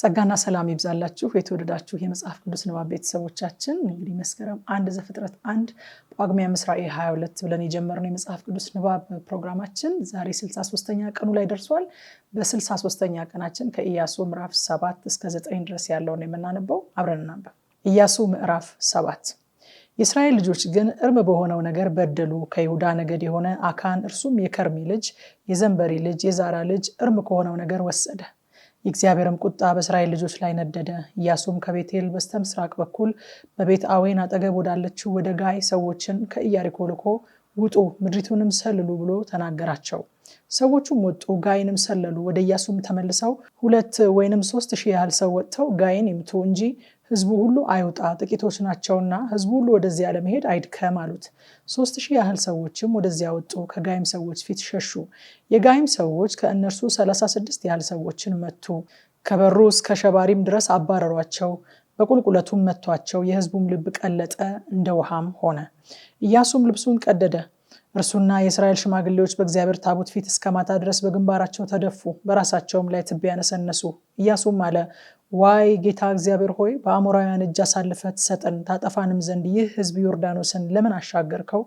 ጸጋና ሰላም ይብዛላችሁ የተወደዳችሁ የመጽሐፍ ቅዱስ ንባብ ቤተሰቦቻችን። እንግዲህ መስከረም አንድ ዘፍጥረት አንድ ጳጉሜ አምስት ራዕይ 22 ብለን የጀመርነው የመጽሐፍ ቅዱስ ንባብ ፕሮግራማችን ዛሬ 63ኛ ቀኑ ላይ ደርሷል። በ63ኛ ቀናችን ከኢያሱ ምዕራፍ 7 እስከ 9 ድረስ ያለውን የምናነበው አብረን እናንበብ። ኢያሱ ምዕራፍ 7 የእስራኤል ልጆች ግን እርም በሆነው ነገር በደሉ። ከይሁዳ ነገድ የሆነ አካን እርሱም የከርሚ ልጅ የዘንበሪ ልጅ የዛራ ልጅ እርም ከሆነው ነገር ወሰደ የእግዚአብሔርም ቁጣ በእስራኤል ልጆች ላይ ነደደ። ኢያሱም ከቤቴል በስተ ምስራቅ በኩል በቤት አዌን አጠገብ ወዳለችው ወደ ጋይ ሰዎችን ከኢያሪኮ ልኮ ውጡ፣ ምድሪቱንም ሰልሉ ብሎ ተናገራቸው። ሰዎቹም ወጡ፣ ጋይንም ሰለሉ። ወደ ኢያሱም ተመልሰው ሁለት ወይንም ሶስት ሺህ ያህል ሰው ወጥተው ጋይን ይምቱ እንጂ ህዝቡ ሁሉ አይውጣ፣ ጥቂቶች ናቸውና ህዝቡ ሁሉ ወደዚያ ለመሄድ አይድከም አሉት። ሶስት ሺህ ያህል ሰዎችም ወደዚያ ወጡ፣ ከጋይም ሰዎች ፊት ሸሹ። የጋይም ሰዎች ከእነርሱ ሰላሳ ስድስት ያህል ሰዎችን መቱ። ከበሩ እስከ ሸባሪም ድረስ አባረሯቸው። በቁልቁለቱም መቷቸው። የህዝቡም ልብ ቀለጠ፣ እንደ ውሃም ሆነ። ኢያሱም ልብሱን ቀደደ እርሱና የእስራኤል ሽማግሌዎች በእግዚአብሔር ታቦት ፊት እስከ ማታ ድረስ በግንባራቸው ተደፉ፣ በራሳቸውም ላይ ትቢያ ነሰነሱ። ኢያሱም አለ፣ ዋይ ጌታ እግዚአብሔር ሆይ በአሞራውያን እጅ አሳልፈ ትሰጠን ታጠፋንም ዘንድ ይህ ሕዝብ ዮርዳኖስን ለምን አሻገርከው?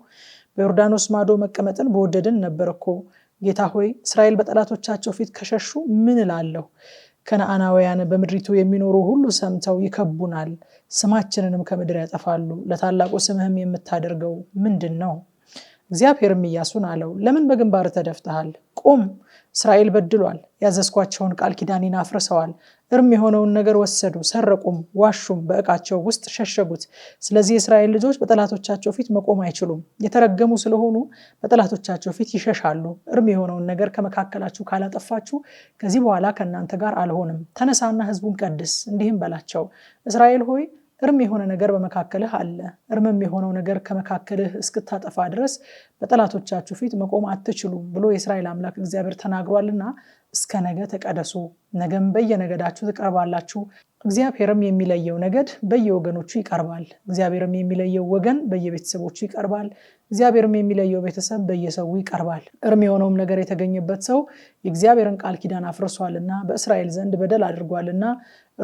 በዮርዳኖስ ማዶ መቀመጥን በወደድን ነበር እኮ። ጌታ ሆይ እስራኤል በጠላቶቻቸው ፊት ከሸሹ ምን እላለሁ? ከነአናውያን በምድሪቱ የሚኖሩ ሁሉ ሰምተው ይከቡናል፣ ስማችንንም ከምድር ያጠፋሉ። ለታላቁ ስምህም የምታደርገው ምንድን ነው? እግዚአብሔርም እያሱን አለው፣ ለምን በግንባር ተደፍተሃል? ቁም። እስራኤል በድሏል፣ ያዘዝኳቸውን ቃል ኪዳኔን አፍርሰዋል። እርም የሆነውን ነገር ወሰዱ፣ ሰረቁም፣ ዋሹም፣ በእቃቸው ውስጥ ሸሸጉት። ስለዚህ የእስራኤል ልጆች በጠላቶቻቸው ፊት መቆም አይችሉም፣ የተረገሙ ስለሆኑ በጠላቶቻቸው ፊት ይሸሻሉ። እርም የሆነውን ነገር ከመካከላችሁ ካላጠፋችሁ ከዚህ በኋላ ከእናንተ ጋር አልሆንም። ተነሳና ህዝቡን ቀድስ፣ እንዲህም በላቸው፣ እስራኤል ሆይ እርም የሆነ ነገር በመካከልህ አለ። እርምም የሆነው ነገር ከመካከልህ እስክታጠፋ ድረስ በጠላቶቻችሁ ፊት መቆም አትችሉም ብሎ የእስራኤል አምላክ እግዚአብሔር ተናግሯልና እስከ ነገ ተቀደሱ። ነገም በየነገዳችሁ ትቀርባላችሁ እግዚአብሔርም የሚለየው ነገድ በየወገኖቹ ይቀርባል። እግዚአብሔርም የሚለየው ወገን በየቤተሰቦቹ ይቀርባል። እግዚአብሔርም የሚለየው ቤተሰብ በየሰው ይቀርባል። እርም የሆነውም ነገር የተገኘበት ሰው የእግዚአብሔርን ቃል ኪዳን አፍርሷልና በእስራኤል ዘንድ በደል አድርጓልና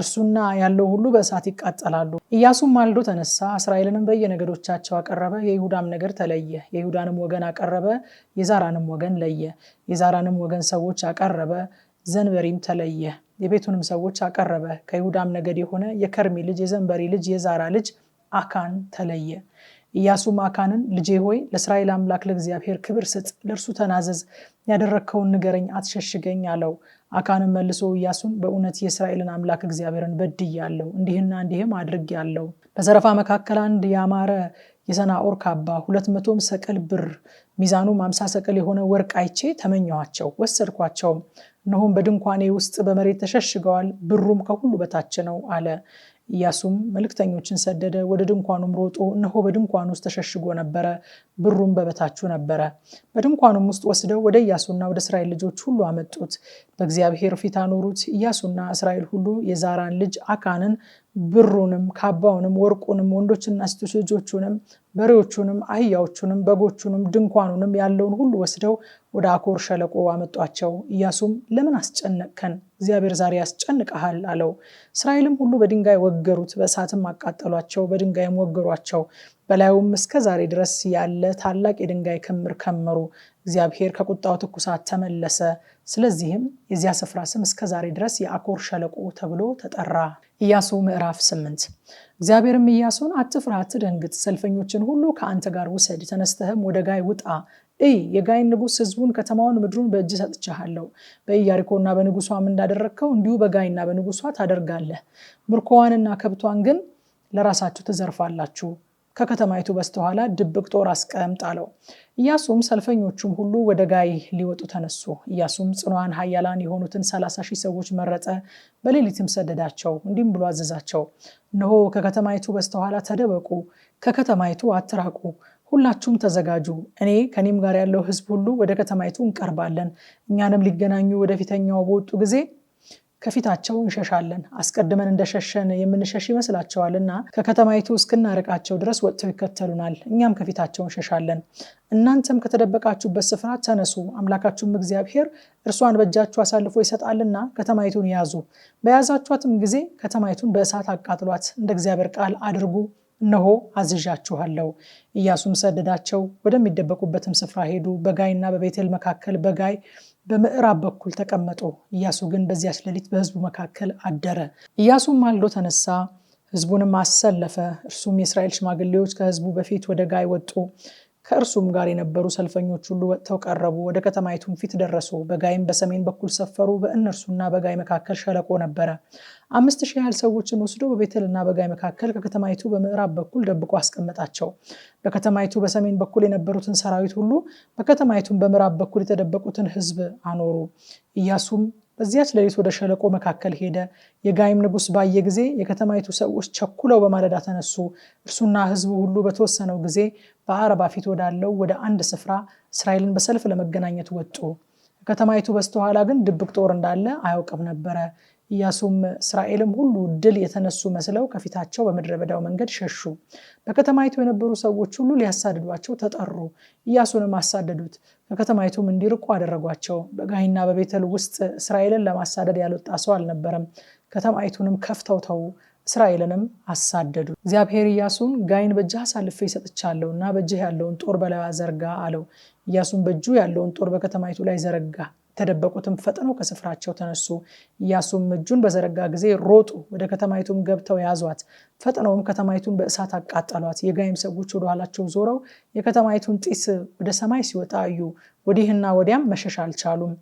እርሱና ያለው ሁሉ በእሳት ይቃጠላሉ። ኢያሱም ማልዶ ተነሳ፣ እስራኤልንም በየነገዶቻቸው አቀረበ። የይሁዳም ነገር ተለየ። የይሁዳንም ወገን አቀረበ፣ የዛራንም ወገን ለየ። የዛራንም ወገን ሰዎች አቀረበ፣ ዘንበሪም ተለየ። የቤቱንም ሰዎች አቀረበ። ከይሁዳም ነገድ የሆነ የከርሚ ልጅ የዘንበሪ ልጅ የዛራ ልጅ አካን ተለየ። ኢያሱም አካንን ልጄ ሆይ ለእስራኤል አምላክ ለእግዚአብሔር ክብር ስጥ፣ ለእርሱ ተናዘዝ፣ ያደረግከውን ንገረኝ፣ አትሸሽገኝ አለው። አካንም መልሶ ኢያሱን በእውነት የእስራኤልን አምላክ እግዚአብሔርን በድያለሁ፣ እንዲህና እንዲህም አድርጌአለሁ። በዘረፋ መካከል አንድ ያማረ የሰናኦር ካባ ሁለት መቶም ሰቅል ብር ሚዛኑ አምሳ ሰቅል የሆነ ወርቅ አይቼ ተመኘኋቸው፣ ወሰድኳቸውም። እነሆም በድንኳኔ ውስጥ በመሬት ተሸሽገዋል፣ ብሩም ከሁሉ በታች ነው አለ። ኢያሱም መልክተኞችን ሰደደ፣ ወደ ድንኳኑም ሮጦ እነሆ በድንኳኑ ውስጥ ተሸሽጎ ነበረ፣ ብሩም በበታቹ ነበረ። በድንኳኑም ውስጥ ወስደው ወደ ኢያሱና ወደ እስራኤል ልጆች ሁሉ አመጡት፣ በእግዚአብሔር ፊት አኖሩት። ኢያሱና እስራኤል ሁሉ የዛራን ልጅ አካንን ብሩንም ካባውንም ወርቁንም ወንዶችና ሴቶች ልጆቹንም በሬዎቹንም አህያዎቹንም በጎቹንም ድንኳኑንም ያለውን ሁሉ ወስደው ወደ አኮር ሸለቆ አመጧቸው። ኢያሱም ለምን አስጨነቅከን? እግዚአብሔር ዛሬ ያስጨንቀሃል አለው። እስራኤልም ሁሉ በድንጋይ ወገሩት፣ በእሳትም አቃጠሏቸው፣ በድንጋይም ወገሯቸው። በላዩም እስከ ዛሬ ድረስ ያለ ታላቅ የድንጋይ ክምር ከመሩ። እግዚአብሔር ከቁጣው ትኩሳት ተመለሰ። ስለዚህም የዚያ ስፍራ ስም እስከ ዛሬ ድረስ የአኮር ሸለቆ ተብሎ ተጠራ። ኢያሱ ምዕራፍ ስምንት እግዚአብሔርም ኢያሱን አትፍራ፣ አትደንግጥ፣ ሰልፈኞችን ሁሉ ከአንተ ጋር ውሰድ፣ ተነስተህም ወደ ጋይ ውጣ እይ የጋይን ንጉሥ ህዝቡን ከተማውን ምድሩን በእጅ ሰጥቻሃለሁ። በኢያሪኮና በንጉሷም እንዳደረግከው እንዲሁ በጋይና በንጉሷ ታደርጋለህ። ምርኮዋንና ከብቷን ግን ለራሳችሁ ትዘርፋላችሁ። ከከተማይቱ በስተኋላ ድብቅ ጦር አስቀምጥ አለው። ኢያሱም ሰልፈኞቹም ሁሉ ወደ ጋይ ሊወጡ ተነሱ። ኢያሱም ጽኗዋን ሀያላን የሆኑትን ሰላሳ ሺህ ሰዎች መረጠ፣ በሌሊትም ሰደዳቸው። እንዲህም ብሎ አዘዛቸው፣ እነሆ ከከተማይቱ በስተኋላ ተደበቁ፣ ከከተማይቱ አትራቁ። ሁላችሁም ተዘጋጁ። እኔ ከኔም ጋር ያለው ህዝብ ሁሉ ወደ ከተማይቱ እንቀርባለን። እኛንም ሊገናኙ ወደፊተኛው በወጡ ጊዜ ከፊታቸው እንሸሻለን። አስቀድመን እንደሸሸን የምንሸሽ ይመስላቸዋልና ከከተማይቱ እስክናርቃቸው ድረስ ወጥተው ይከተሉናል። እኛም ከፊታቸው እንሸሻለን። እናንተም ከተደበቃችሁበት ስፍራ ተነሱ፣ አምላካችሁም እግዚአብሔር እርሷን በእጃችሁ አሳልፎ ይሰጣልና ከተማይቱን ያዙ። በያዛችኋትም ጊዜ ከተማይቱን በእሳት አቃጥሏት፣ እንደ እግዚአብሔር ቃል አድርጉ እነሆ አዝዣችኋለሁ። ኢያሱም ሰደዳቸው፣ ወደሚደበቁበትም ስፍራ ሄዱ። በጋይና በቤቴል መካከል በጋይ በምዕራብ በኩል ተቀመጡ። ኢያሱ ግን በዚያች ሌሊት በሕዝቡ መካከል አደረ። ኢያሱም ማልዶ ተነሳ፣ ሕዝቡንም አሰለፈ። እርሱም የእስራኤል ሽማግሌዎች ከሕዝቡ በፊት ወደ ጋይ ወጡ። ከእርሱም ጋር የነበሩ ሰልፈኞች ሁሉ ወጥተው ቀረቡ፣ ወደ ከተማይቱም ፊት ደረሱ። በጋይም በሰሜን በኩል ሰፈሩ። በእነርሱና በጋይ መካከል ሸለቆ ነበረ። አምስት ሺህ ያህል ሰዎችን ወስዶ በቤተልና በጋይ መካከል ከከተማይቱ በምዕራብ በኩል ደብቆ አስቀመጣቸው። በከተማይቱ በሰሜን በኩል የነበሩትን ሰራዊት ሁሉ፣ በከተማይቱም በምዕራብ በኩል የተደበቁትን ሕዝብ አኖሩ። ኢያሱም በዚያች ሌሊት ወደ ሸለቆ መካከል ሄደ። የጋይም ንጉሥ ባየ ጊዜ የከተማይቱ ሰዎች ቸኩለው በማለዳ ተነሱ። እርሱና ሕዝቡ ሁሉ በተወሰነው ጊዜ በአረባ ፊት ወዳለው ወደ አንድ ስፍራ እስራኤልን በሰልፍ ለመገናኘት ወጡ። ከተማይቱ በስተኋላ ግን ድብቅ ጦር እንዳለ አያውቅም ነበረ። ኢያሱም እስራኤልም ሁሉ ድል የተነሱ መስለው ከፊታቸው በምድረ በዳው መንገድ ሸሹ። በከተማይቱ የነበሩ ሰዎች ሁሉ ሊያሳድዷቸው ተጠሩ። ኢያሱንም አሳደዱት፣ ከከተማይቱም እንዲርቁ አደረጓቸው። በጋይና በቤተል ውስጥ እስራኤልን ለማሳደድ ያልወጣ ሰው አልነበረም። ከተማይቱንም ከፍተው ተዉ፣ እስራኤልንም አሳደዱ። እግዚአብሔር ኢያሱን ጋይን በእጅህ አሳልፌ ይሰጥቻለሁ እና በእጅህ ያለውን ጦር በላዩ ዘርጋ አለው። ኢያሱን በእጁ ያለውን ጦር በከተማይቱ ላይ ዘረጋ። የተደበቁትም ፈጥነው ከስፍራቸው ተነሱ። ኢያሱም እጁን በዘረጋ ጊዜ ሮጡ፣ ወደ ከተማይቱም ገብተው ያዟት። ፈጥነውም ከተማይቱን በእሳት አቃጠሏት። የጋይም ሰዎች ወደ ኋላቸው ዞረው የከተማይቱን ጢስ ወደ ሰማይ ሲወጣ አዩ፣ ወዲህና ወዲያም መሸሽ አልቻሉም።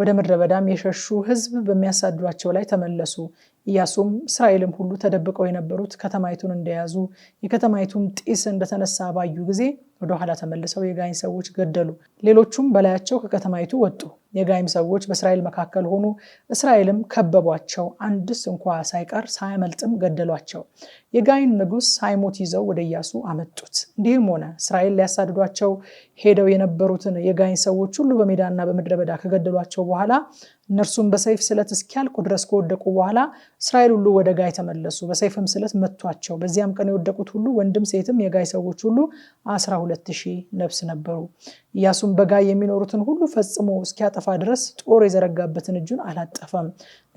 ወደ ምድረ በዳም የሸሹ ህዝብ በሚያሳድዷቸው ላይ ተመለሱ። ኢያሱም እስራኤልም ሁሉ ተደብቀው የነበሩት ከተማይቱን እንደያዙ የከተማይቱም ጢስ እንደተነሳ ባዩ ጊዜ ወደ ኋላ ተመልሰው የጋይን ሰዎች ገደሉ። ሌሎቹም በላያቸው ከከተማይቱ ወጡ። የጋይም ሰዎች በእስራኤል መካከል ሆኑ። እስራኤልም ከበቧቸው፣ አንድስ እንኳ ሳይቀር ሳያመልጥም ገደሏቸው። የጋይን ንጉሥ ሃይሞት ይዘው ወደ ኢያሱ አመጡት። እንዲህም ሆነ እስራኤል ሊያሳድዷቸው ሄደው የነበሩትን የጋይን ሰዎች ሁሉ በሜዳና በምድረ በዳ ከገደሏቸው በኋላ እነርሱም በሰይፍ ስለት እስኪያልቁ ድረስ ከወደቁ በኋላ እስራኤል ሁሉ ወደ ጋይ ተመለሱ፣ በሰይፍም ስለት መቷቸው። በዚያም ቀን የወደቁት ሁሉ ወንድም ሴትም የጋይ ሰዎች ሁሉ 12 ሁለት ሺህ ነፍስ ነበሩ። ኢያሱም በጋይ የሚኖሩትን ሁሉ ፈጽሞ እስኪያጠፋ ድረስ ጦር የዘረጋበትን እጁን አላጠፈም።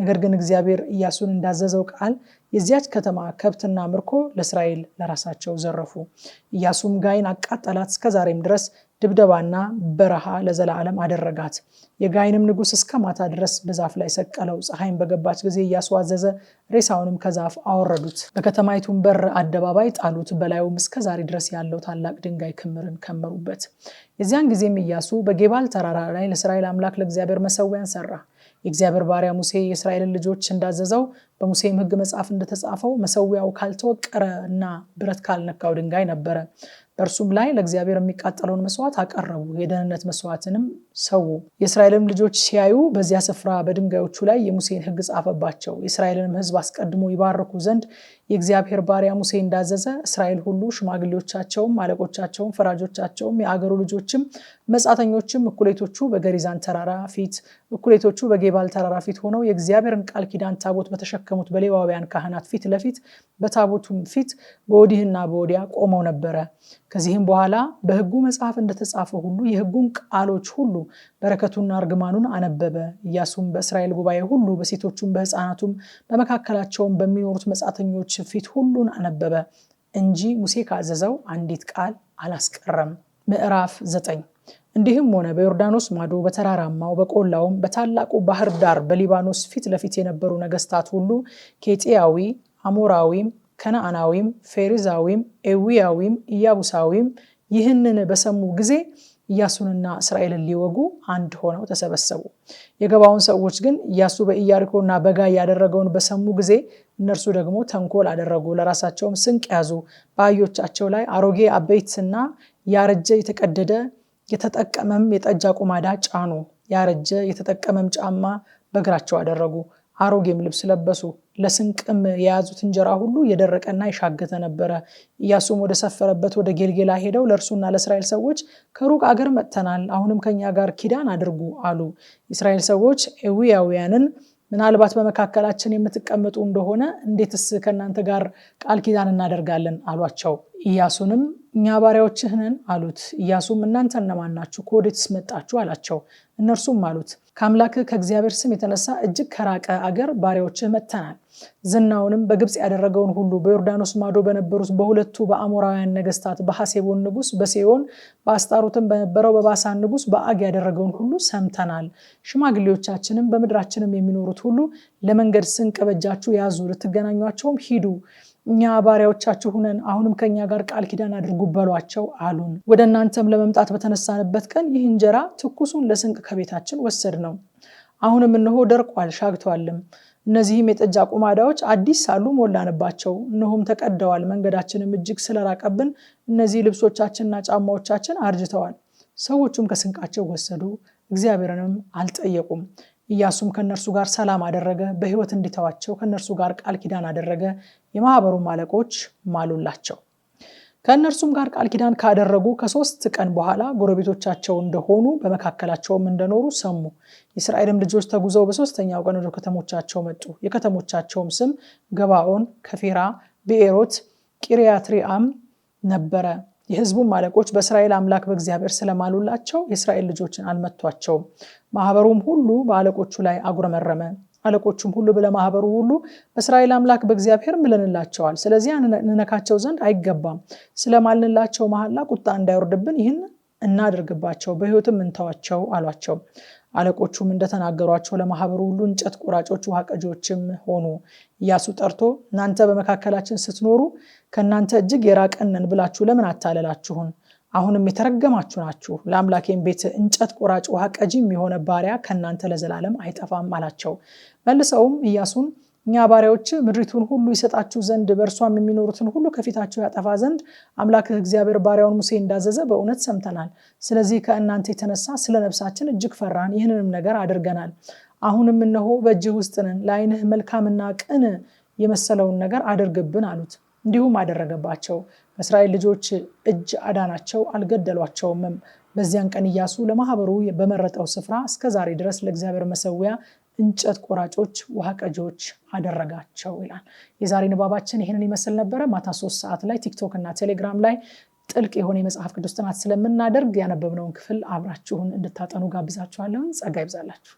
ነገር ግን እግዚአብሔር ኢያሱን እንዳዘዘው ቃል የዚያች ከተማ ከብትና ምርኮ ለእስራኤል ለራሳቸው ዘረፉ። ኢያሱም ጋይን አቃጠላት፣ እስከዛሬም ድረስ ድብደባና በረሃ ለዘላለም አደረጋት። የጋይንም ንጉሥ እስከ ማታ ድረስ በዛፍ ላይ ሰቀለው። ፀሐይም በገባች ጊዜ እያሱ አዘዘ፣ ሬሳውንም ከዛፍ አወረዱት፣ በከተማይቱን በር አደባባይ ጣሉት። በላዩም እስከ ዛሬ ድረስ ያለው ታላቅ ድንጋይ ክምርን ከመሩበት። የዚያን ጊዜም እያሱ በጌባል ተራራ ላይ ለእስራኤል አምላክ ለእግዚአብሔር መሰዊያን ሰራ። የእግዚአብሔር ባሪያ ሙሴ የእስራኤልን ልጆች እንዳዘዘው በሙሴም ሕግ መጽሐፍ እንደተጻፈው መሰዊያው ካልተወቀረ እና ብረት ካልነካው ድንጋይ ነበረ። በእርሱም ላይ ለእግዚአብሔር የሚቃጠለውን መስዋዕት አቀረቡ፣ የደህንነት መስዋዕትንም ሰዉ። የእስራኤልም ልጆች ሲያዩ በዚያ ስፍራ በድንጋዮቹ ላይ የሙሴን ሕግ ጻፈባቸው። የእስራኤልንም ሕዝብ አስቀድሞ ይባርኩ ዘንድ የእግዚአብሔር ባሪያ ሙሴ እንዳዘዘ እስራኤል ሁሉ ሽማግሌዎቻቸውም፣ አለቆቻቸውም፣ ፈራጆቻቸውም፣ የአገሩ ልጆችም፣ መጻተኞችም እኩሌቶቹ በገሪዛን ተራራ ፊት እኩሌቶቹ በጌባል ተራራ ፊት ሆነው የእግዚአብሔርን ቃል ኪዳን ታቦት በተሸከሙት በሌዋውያን ካህናት ፊት ለፊት በታቦቱም ፊት በወዲህና በወዲያ ቆመው ነበረ። ከዚህም በኋላ በሕጉ መጽሐፍ እንደተጻፈ ሁሉ የሕጉን ቃሎች ሁሉ በረከቱና እርግማኑን አነበበ። እያሱም በእስራኤል ጉባኤ ሁሉ በሴቶቹም በሕፃናቱም በመካከላቸውም በሚኖሩት መጻተኞች ፊት ሁሉን አነበበ እንጂ ሙሴ ካዘዘው አንዲት ቃል አላስቀረም። ምዕራፍ ዘጠኝ እንዲህም ሆነ በዮርዳኖስ ማዶ በተራራማው በቆላውም በታላቁ ባህር ዳር በሊባኖስ ፊት ለፊት የነበሩ ነገስታት ሁሉ ኬጢያዊ፣ አሞራዊም፣ ከነአናዊም፣ ፌሪዛዊም፣ ኤዊያዊም፣ ኢያቡሳዊም ይህንን በሰሙ ጊዜ ኢያሱንና እስራኤልን ሊወጉ አንድ ሆነው ተሰበሰቡ። የገባውን ሰዎች ግን ኢያሱ በኢያሪኮና በጋይ ያደረገውን በሰሙ ጊዜ እነርሱ ደግሞ ተንኮል አደረጉ፣ ለራሳቸውም ስንቅ ያዙ። በአህዮቻቸው ላይ አሮጌ አበይትና ያረጀ የተቀደደ የተጠቀመም የጠጅ አቁማዳ ጫኑ። ያረጀ የተጠቀመም ጫማ በእግራቸው አደረጉ። አሮጌም ልብስ ለበሱ። ለስንቅም የያዙት እንጀራ ሁሉ የደረቀና የሻገተ ነበረ። ኢያሱም ወደ ሰፈረበት ወደ ጌልጌላ ሄደው ለእርሱና ለእስራኤል ሰዎች ከሩቅ አገር መጥተናል፣ አሁንም ከኛ ጋር ኪዳን አድርጉ አሉ። የእስራኤል ሰዎች ኤዊያውያንን ምናልባት በመካከላችን የምትቀመጡ እንደሆነ እንዴትስ ከእናንተ ጋር ቃል ኪዳን እናደርጋለን አሏቸው። ኢያሱንም እኛ ባሪያዎችህ ነን አሉት። ኢያሱም እናንተ እነማን ናችሁ? ከወዴትስ መጣችሁ? አላቸው። እነርሱም አሉት ከአምላክህ ከእግዚአብሔር ስም የተነሳ እጅግ ከራቀ አገር ባሪያዎችህ መጥተናል። ዝናውንም በግብፅ ያደረገውን ሁሉ በዮርዳኖስ ማዶ በነበሩት በሁለቱ በአሞራውያን ነገስታት በሐሴቦን ንጉስ በሴዮን በአስጣሮትም በነበረው በባሳን ንጉስ በአግ ያደረገውን ሁሉ ሰምተናል። ሽማግሌዎቻችንም በምድራችንም የሚኖሩት ሁሉ ለመንገድ ስንቅ በእጃችሁ ያዙ፣ ልትገናኟቸውም ሂዱ እኛ ባሪያዎቻችሁ ሁነን አሁንም ከእኛ ጋር ቃል ኪዳን አድርጉ በሏቸው አሉን። ወደ እናንተም ለመምጣት በተነሳንበት ቀን ይህ እንጀራ ትኩሱን ለስንቅ ከቤታችን ወሰድ ነው። አሁንም እነሆ ደርቋል፣ ሻግቷልም። እነዚህም የጠጅ አቁማዳዎች አዲስ ሳሉ ሞላንባቸው፣ እነሆም ተቀደዋል። መንገዳችንም እጅግ ስለራቀብን እነዚህ ልብሶቻችንና ጫማዎቻችን አርጅተዋል። ሰዎቹም ከስንቃቸው ወሰዱ፣ እግዚአብሔርንም አልጠየቁም። ኢያሱም ከእነርሱ ጋር ሰላም አደረገ፣ በሕይወት እንዲተዋቸው ከእነርሱ ጋር ቃል ኪዳን አደረገ። የማህበሩ አለቆች ማሉላቸው። ከእነርሱም ጋር ቃል ኪዳን ካደረጉ ከሶስት ቀን በኋላ ጎረቤቶቻቸው እንደሆኑ በመካከላቸውም እንደኖሩ ሰሙ። የእስራኤልም ልጆች ተጉዘው በሶስተኛው ቀን ወደ ከተሞቻቸው መጡ። የከተሞቻቸውም ስም ገባኦን፣ ከፌራ፣ ብኤሮት፣ ቂርያትሪአም ነበረ። የሕዝቡም አለቆች በእስራኤል አምላክ በእግዚአብሔር ስለማሉላቸው የእስራኤል ልጆችን አልመቷቸውም። ማህበሩም ሁሉ በአለቆቹ ላይ አጉረመረመ። አለቆቹም ሁሉ ማህበሩ ሁሉ በእስራኤል አምላክ በእግዚአብሔር ምለንላቸዋል፣ ስለዚህ እንነካቸው ዘንድ አይገባም። ስለማልንላቸው መሐላ ቁጣ እንዳይወርድብን ይህን እናድርግባቸው፣ በህይወትም እንተዋቸው አሏቸው። አለቆቹም እንደተናገሯቸው ለማህበሩ ሁሉ እንጨት ቆራጮች፣ ውሃ ቀጂዎችም ሆኑ። እያሱ ጠርቶ እናንተ በመካከላችን ስትኖሩ ከእናንተ እጅግ የራቅንን ብላችሁ ለምን አታለላችሁን? አሁንም የተረገማችሁ ናችሁ። ለአምላኬም ቤት እንጨት ቆራጭ ውሃ ቀጂም የሆነ ባሪያ ከእናንተ ለዘላለም አይጠፋም አላቸው። መልሰውም እያሱን እኛ ባሪያዎች ምድሪቱን ሁሉ ይሰጣችሁ ዘንድ በእርሷም የሚኖሩትን ሁሉ ከፊታችሁ ያጠፋ ዘንድ አምላክህ እግዚአብሔር ባሪያውን ሙሴ እንዳዘዘ በእውነት ሰምተናል። ስለዚህ ከእናንተ የተነሳ ስለ ነፍሳችን እጅግ ፈራን፣ ይህንንም ነገር አድርገናል። አሁንም እነሆ በእጅህ ውስጥ ነን፣ ለዓይንህ መልካምና ቅን የመሰለውን ነገር አድርግብን አሉት። እንዲሁም አደረገባቸው። በእስራኤል ልጆች እጅ አዳናቸው፣ አልገደሏቸውምም። በዚያን ቀን እያሱ ለማህበሩ በመረጠው ስፍራ እስከ ዛሬ ድረስ ለእግዚአብሔር መሰዊያ እንጨት ቆራጮች፣ ውሃ ቀጂዎች አደረጋቸው ይላል። የዛሬ ንባባችን ይህንን ይመስል ነበረ። ማታ ሶስት ሰዓት ላይ ቲክቶክ እና ቴሌግራም ላይ ጥልቅ የሆነ የመጽሐፍ ቅዱስ ጥናት ስለምናደርግ ያነበብነውን ክፍል አብራችሁን እንድታጠኑ ጋብዛችኋለሁን። ጸጋ ይብዛላችሁ።